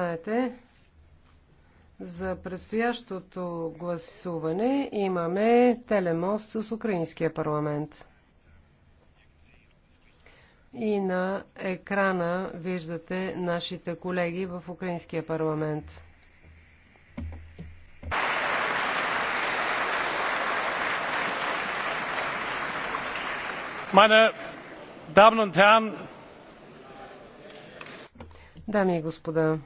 знаете, за предстоящото гласуване имаме телемост с Украинския парламент. И на екрана виждате нашите колеги в Украинския парламент. Meine Damen Дами и господа,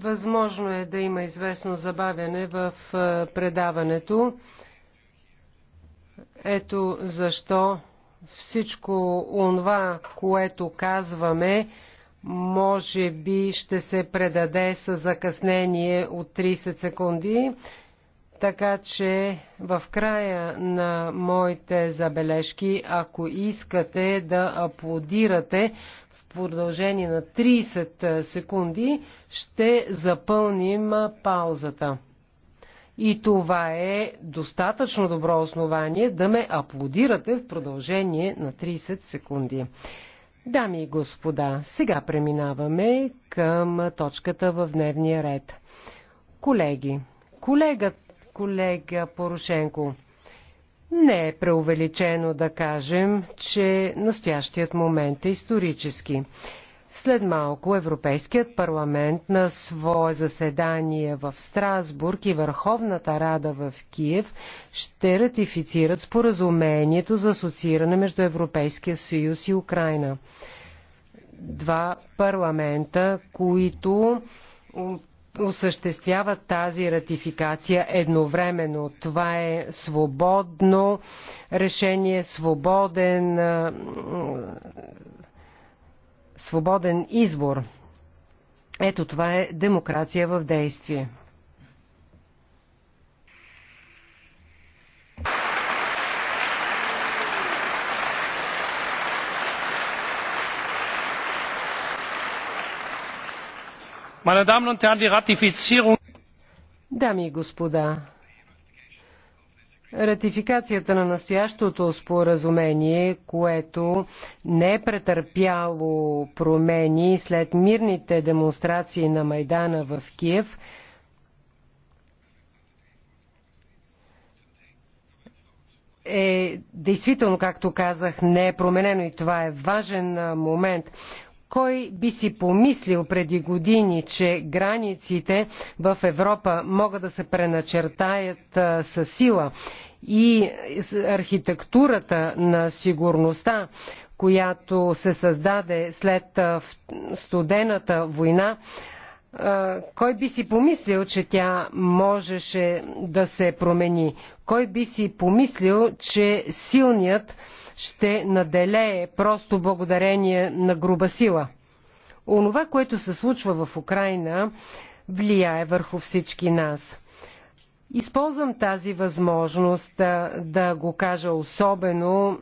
Възможно е да има известно забавяне в предаването. Ето защо всичко онова, което казваме, може би ще се предаде с закъснение от 30 секунди, така че в края на моите забележки, ако искате да аплодирате, продължение на 30 секунди ще запълним паузата. И това е достатъчно добро основание да ме аплодирате в продължение на 30 секунди. Дами и господа, сега преминаваме към точката в дневния ред. Колеги, колега, колега Порошенко, не е преувеличено да кажем, че настоящият момент е исторически. След малко Европейският парламент на свое заседание в Страсбург и Върховната рада в Киев ще ратифицират споразумението за асоцииране между Европейския съюз и Украина. Два парламента, които осъществяват тази ратификация едновременно. Това е свободно решение, свободен, свободен избор. Ето това е демокрация в действие. Дами и господа, Ратификацията на настоящото споразумение, което не е претърпяло промени след мирните демонстрации на Майдана в Киев, е действително, както казах, не е променено и това е важен момент. Кой би си помислил преди години, че границите в Европа могат да се преначертаят със сила и архитектурата на сигурността, която се създаде след студената война, кой би си помислил, че тя можеше да се промени? Кой би си помислил, че силният ще наделее просто благодарение на груба сила. Онова, което се случва в Украина, влияе върху всички нас. Използвам тази възможност да го кажа особено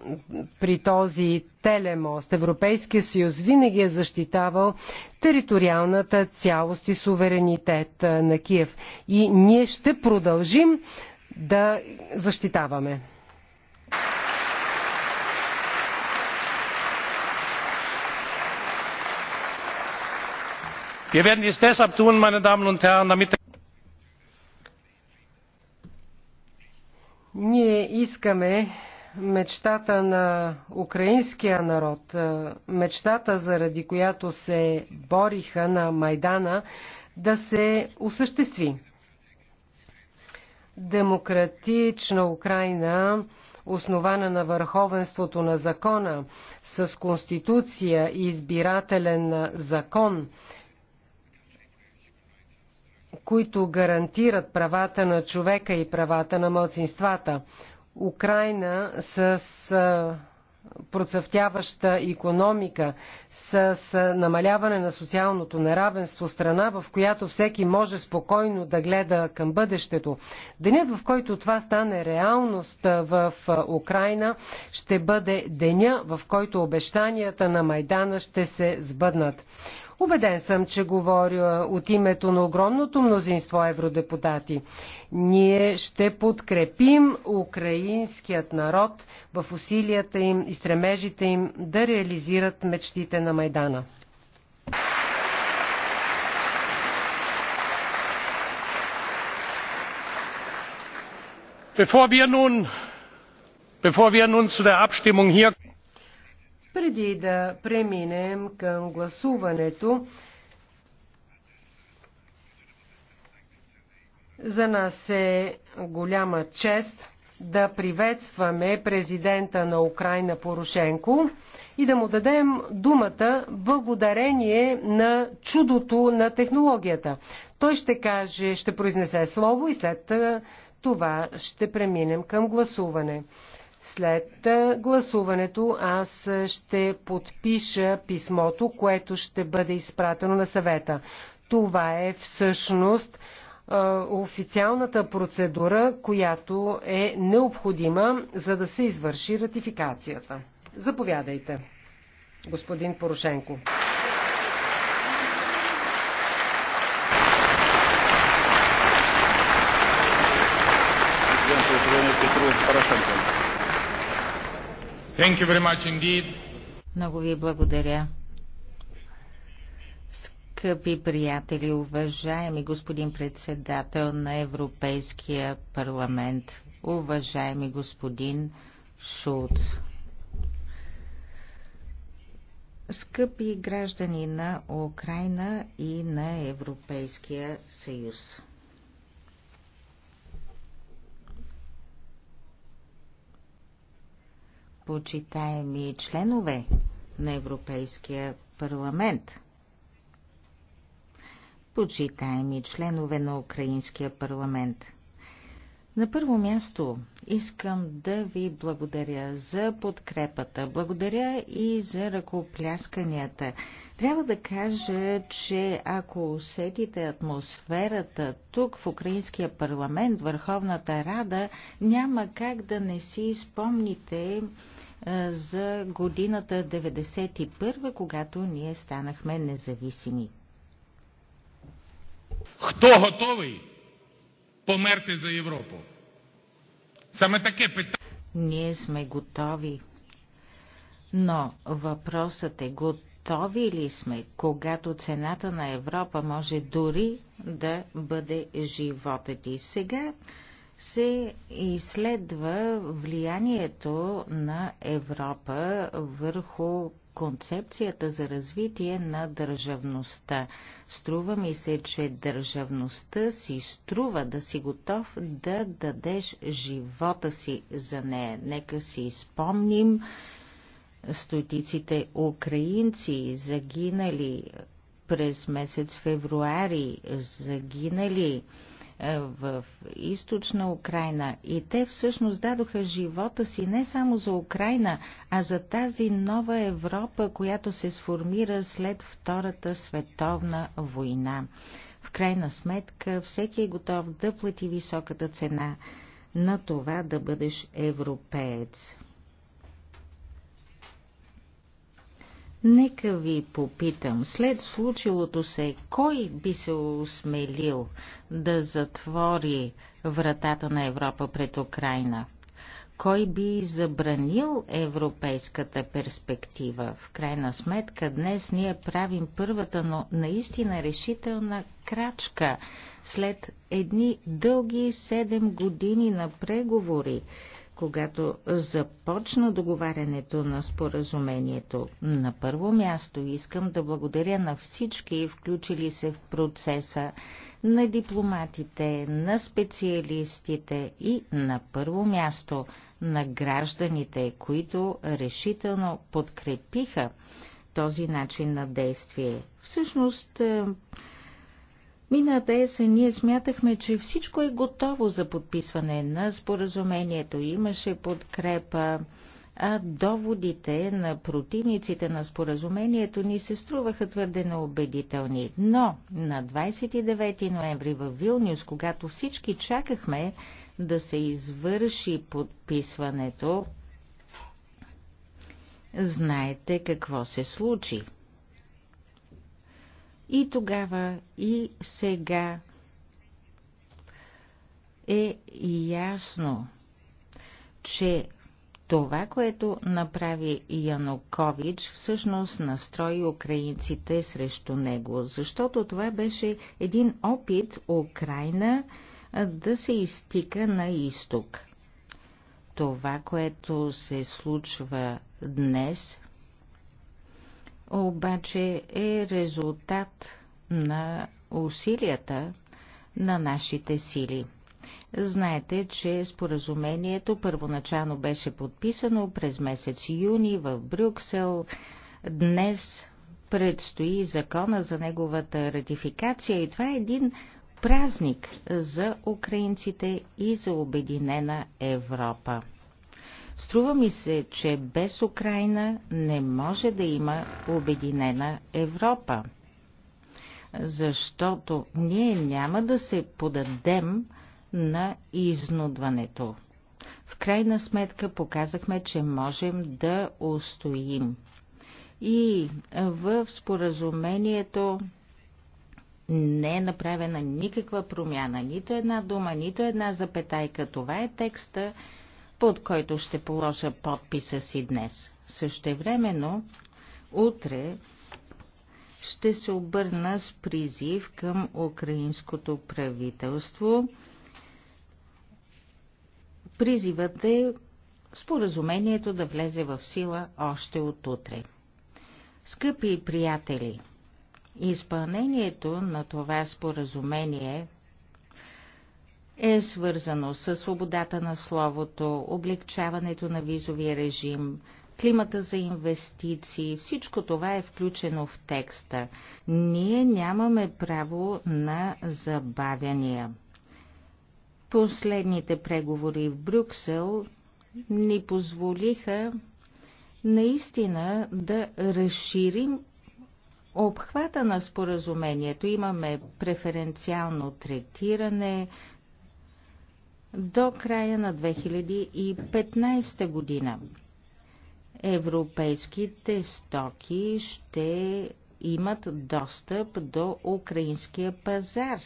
при този телемост. Европейския съюз винаги е защитавал териториалната цялост и суверенитет на Киев. И ние ще продължим да защитаваме. wir werden dies deshalb tun meine damen und herren damit ние искаме мечтата на украинския народ, мечтата заради която се бориха на Майдана, да се осъществи. Демократична Украина, основана на върховенството на закона, с конституция и избирателен закон, които гарантират правата на човека и правата на младсинствата. Украина с процъфтяваща економика, с намаляване на социалното неравенство, страна, в която всеки може спокойно да гледа към бъдещето. Денят, в който това стане реалност в Украина, ще бъде деня, в който обещанията на Майдана ще се сбъднат. Убеден съм, че говоря от името на огромното мнозинство евродепутати. Ние ще подкрепим украинският народ в усилията им и стремежите им да реализират мечтите на Майдана. bevor wir nun zu der abstimmung hier преди да преминем към гласуването, за нас е голяма чест да приветстваме президента на Украина Порошенко и да му дадем думата благодарение на чудото на технологията. Той ще каже, ще произнесе слово и след това ще преминем към гласуване. След гласуването аз ще подпиша писмото, което ще бъде изпратено на съвета. Това е всъщност официалната процедура, която е необходима, за да се извърши ратификацията. Заповядайте, господин Порошенко. Порошенко. Thank you very much indeed. Много ви благодаря. Скъпи приятели, уважаеми господин председател на Европейския парламент, уважаеми господин Шулц. Скъпи граждани на Украина и на Европейския съюз. почитаеми членове на Европейския парламент, почитаеми членове на Украинския парламент. На първо място искам да ви благодаря за подкрепата, благодаря и за ръкоплясканията. Трябва да кажа, че ако усетите атмосферата тук в Украинския парламент, Върховната Рада, няма как да не си спомните за годината 91, когато ние станахме независими. Хто готовий померти за Європу? Саме таке питання. Ние сме готови. Но въпросът е готови ли сме, когато цената на Европа може дори да бъде живота ти? Сега се изследва влиянието на Европа върху концепцията за развитие на държавността. Струва ми се, че държавността си струва да си готов да дадеш живота си за нея. Нека си спомним стотиците украинци, загинали през месец февруари, загинали е, в източна Украина. И те всъщност дадоха живота си не само за Украина, а за тази нова Европа, която се сформира след Втората световна война. В крайна сметка всеки е готов да плати високата цена на това да бъдеш европеец. Нека ви попитам, след случилото се, кой би се осмелил да затвори вратата на Европа пред Украина? Кой би забранил европейската перспектива? В крайна сметка, днес ние правим първата, но наистина решителна крачка след едни дълги седем години на преговори когато започна договарянето на споразумението. На първо място искам да благодаря на всички, включили се в процеса, на дипломатите, на специалистите и на първо място на гражданите, които решително подкрепиха този начин на действие. Всъщност, Мината есен ние смятахме, че всичко е готово за подписване на споразумението. Имаше подкрепа, а доводите на противниците на споразумението ни се струваха твърде неубедителни. Но на 29 ноември в Вилнюс, когато всички чакахме да се извърши подписването, знаете какво се случи – и тогава, и сега е ясно, че това, което направи Янукович, всъщност настрои украинците срещу него, защото това беше един опит Украина да се изтика на изток. Това, което се случва днес, обаче е резултат на усилията на нашите сили. Знаете, че споразумението първоначално беше подписано през месец юни в Брюксел. Днес предстои закона за неговата ратификация и това е един празник за украинците и за Обединена Европа. Струва ми се, че без Украина не може да има обединена Европа, защото ние няма да се подадем на изнудването. В крайна сметка показахме, че можем да устоим. И в споразумението не е направена никаква промяна, нито една дума, нито една запетайка. Това е текста, под който ще положа подписа си днес. Същевременно, утре ще се обърна с призив към украинското правителство. Призивът е споразумението да влезе в сила още от утре. Скъпи приятели, изпълнението на това споразумение е свързано с свободата на словото, облегчаването на визовия режим, климата за инвестиции, всичко това е включено в текста. Ние нямаме право на забавяния. Последните преговори в Брюксел ни позволиха наистина да разширим обхвата на споразумението. Имаме преференциално третиране, до края на 2015 година. Европейските стоки ще имат достъп до украинския пазар,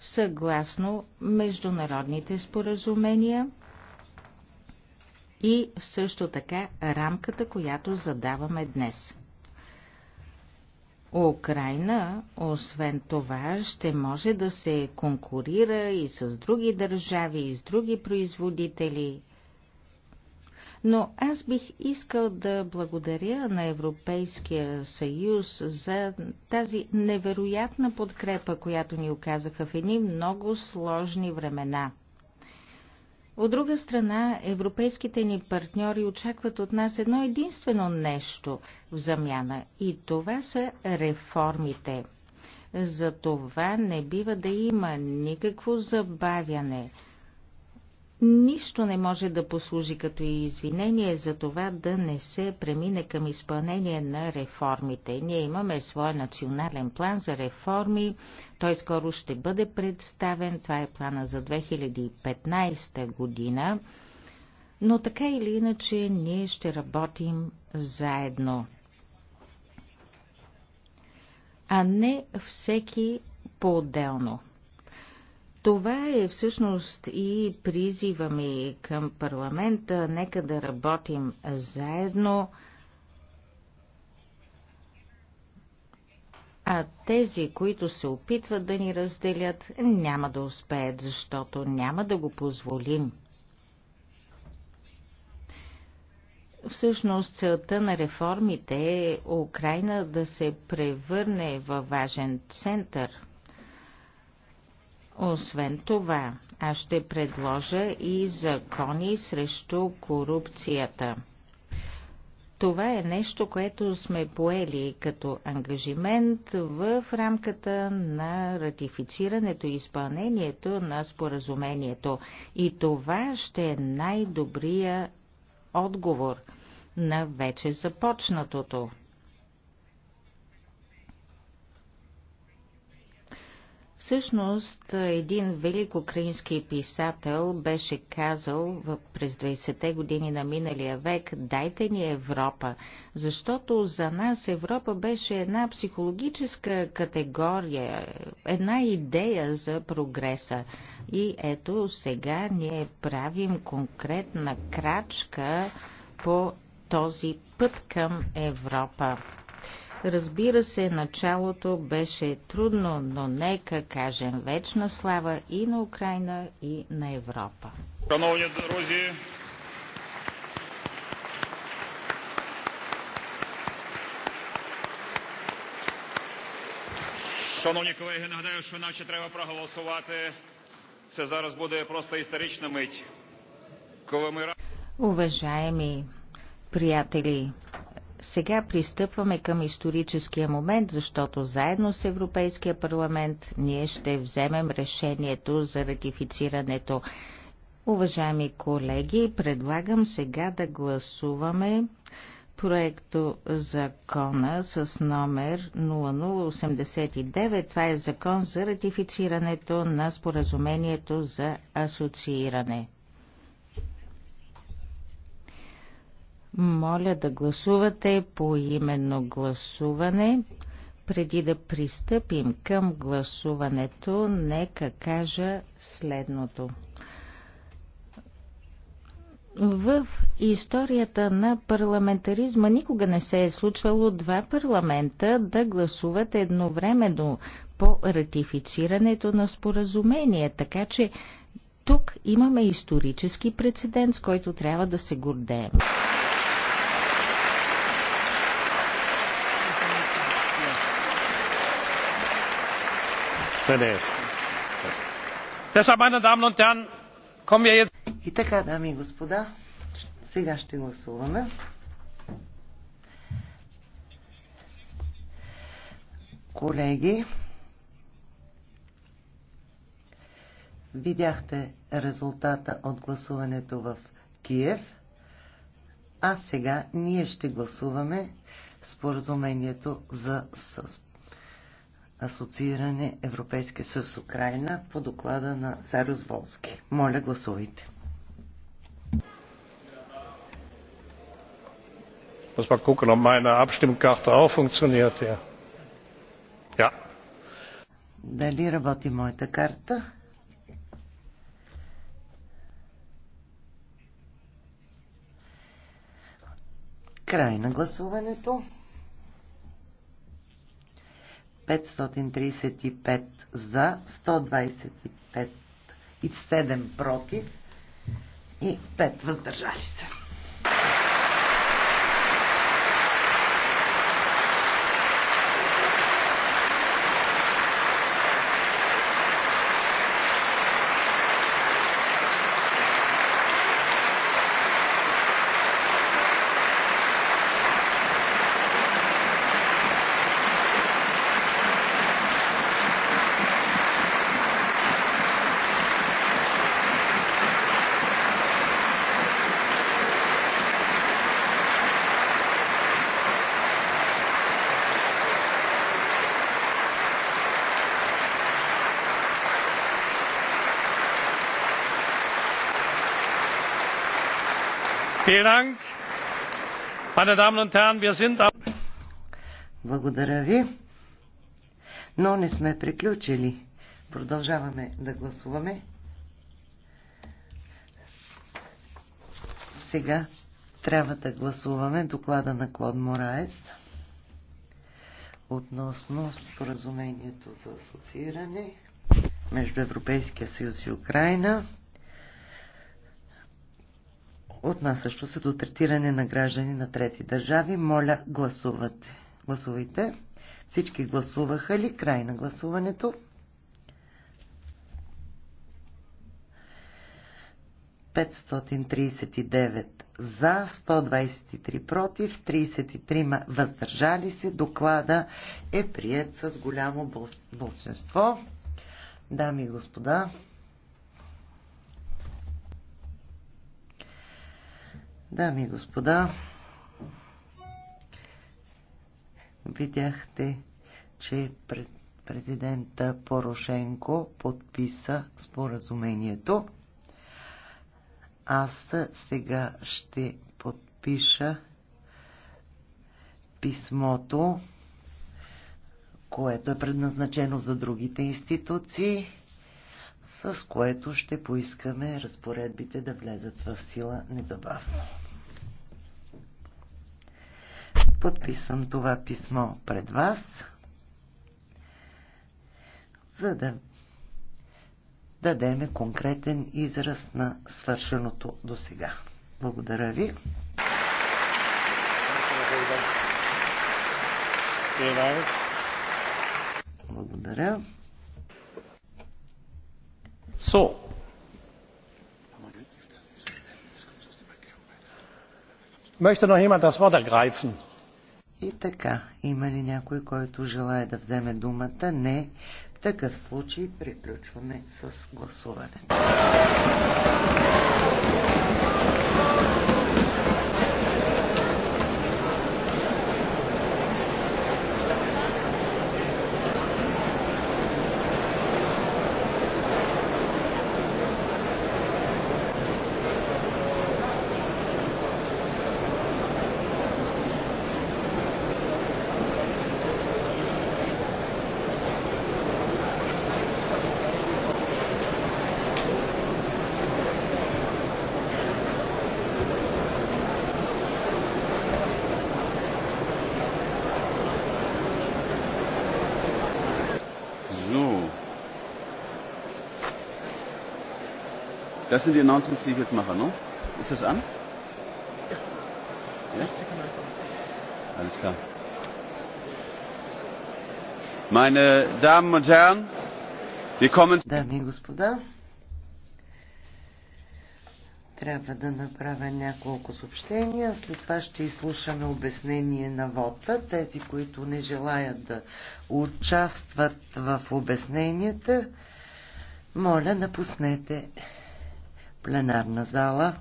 съгласно международните споразумения и също така рамката, която задаваме днес. Украина, освен това, ще може да се конкурира и с други държави, и с други производители. Но аз бих искал да благодаря на Европейския съюз за тази невероятна подкрепа, която ни оказаха в едни много сложни времена – от друга страна, европейските ни партньори очакват от нас едно единствено нещо в замяна и това са реформите. За това не бива да има никакво забавяне – Нищо не може да послужи като извинение за това да не се премине към изпълнение на реформите. Ние имаме своя национален план за реформи. Той скоро ще бъде представен. Това е плана за 2015 година. Но така или иначе ние ще работим заедно. А не всеки по-отделно. Това е всъщност и призива ми към парламента. Нека да работим заедно. А тези, които се опитват да ни разделят, няма да успеят, защото няма да го позволим. Всъщност целта на реформите е Украина да се превърне във важен център – освен това, аз ще предложа и закони срещу корупцията. Това е нещо, което сме поели като ангажимент в рамката на ратифицирането и изпълнението на споразумението. И това ще е най-добрия отговор на вече започнатото. Всъщност, един велик украински писател беше казал през 20-те години на миналия век «Дайте ни Европа», защото за нас Европа беше една психологическа категория, една идея за прогреса. И ето сега ние правим конкретна крачка по този път към Европа. Разбира се, началото беше трудно, но нека кажем вечна слава и на Украина, и на Европа. Шановні друзі, шановні колеги, нагадаю, що наче треба проголосувати. Це зараз буде просто історична мить. Коли ми Уважаемі приятелі, сега пристъпваме към историческия момент, защото заедно с Европейския парламент ние ще вземем решението за ратифицирането. Уважаеми колеги, предлагам сега да гласуваме проекто закона с номер 0089. Това е закон за ратифицирането на споразумението за асоцииране. Моля да гласувате по именно гласуване. Преди да пристъпим към гласуването, нека кажа следното. В историята на парламентаризма никога не се е случвало два парламента да гласуват едновременно по ратифицирането на споразумение, така че тук имаме исторически прецедент, с който трябва да се гордеем. И така, дами и господа, сега ще гласуваме. Колеги, видяхте резултата от гласуването в Киев, а сега ние ще гласуваме споразумението за СОСП асоцииране Европейския съюз Украина по доклада на Сарус Волски. Моля, гласувайте. Muss mal gucken, ob meine Abstimmkarte auch funktioniert. Ja. ja. Дали работи моята карта? Край на гласуването. 535 за, 125 и 7 против и 5 въздържали се. Благодаря ви. Но не сме приключили. Продължаваме да гласуваме. Сега трябва да гласуваме доклада на Клод Мораес относно споразумението за асоцииране между Европейския съюз и Украина отнасящо се до третиране на граждани на трети държави. Моля, гласувате. Гласувайте. Всички гласуваха ли? Край на гласуването. 539 за, 123 против, 33 въздържали се. Доклада е прият с голямо болсенство Дами и господа, Дами и господа, видяхте, че президента Порошенко подписа споразумението. Аз сега ще подпиша писмото, което е предназначено за другите институции, с което ще поискаме разпоредбите да влезат в сила незабавно. Подписвам това писмо пред вас, за да дадеме конкретен израз на свършеното до сега. Благодаря ви. Благодаря. So. Möchte noch jemand das Wort ergreifen? И така, има ли някой, който желая да вземе думата? Не. В такъв случай приключваме с гласуването. Das sind die Announcements, die ich jetzt mache, ne? No? Ist das an? Ja. Alles klar. Meine Damen und Herren, wir kommen. Дами и господа, трябва да направя няколко съобщения. След това ще изслушаме обяснение на вота. Тези, които не желаят да участват в обясненията, моля, напуснете пленарна зала.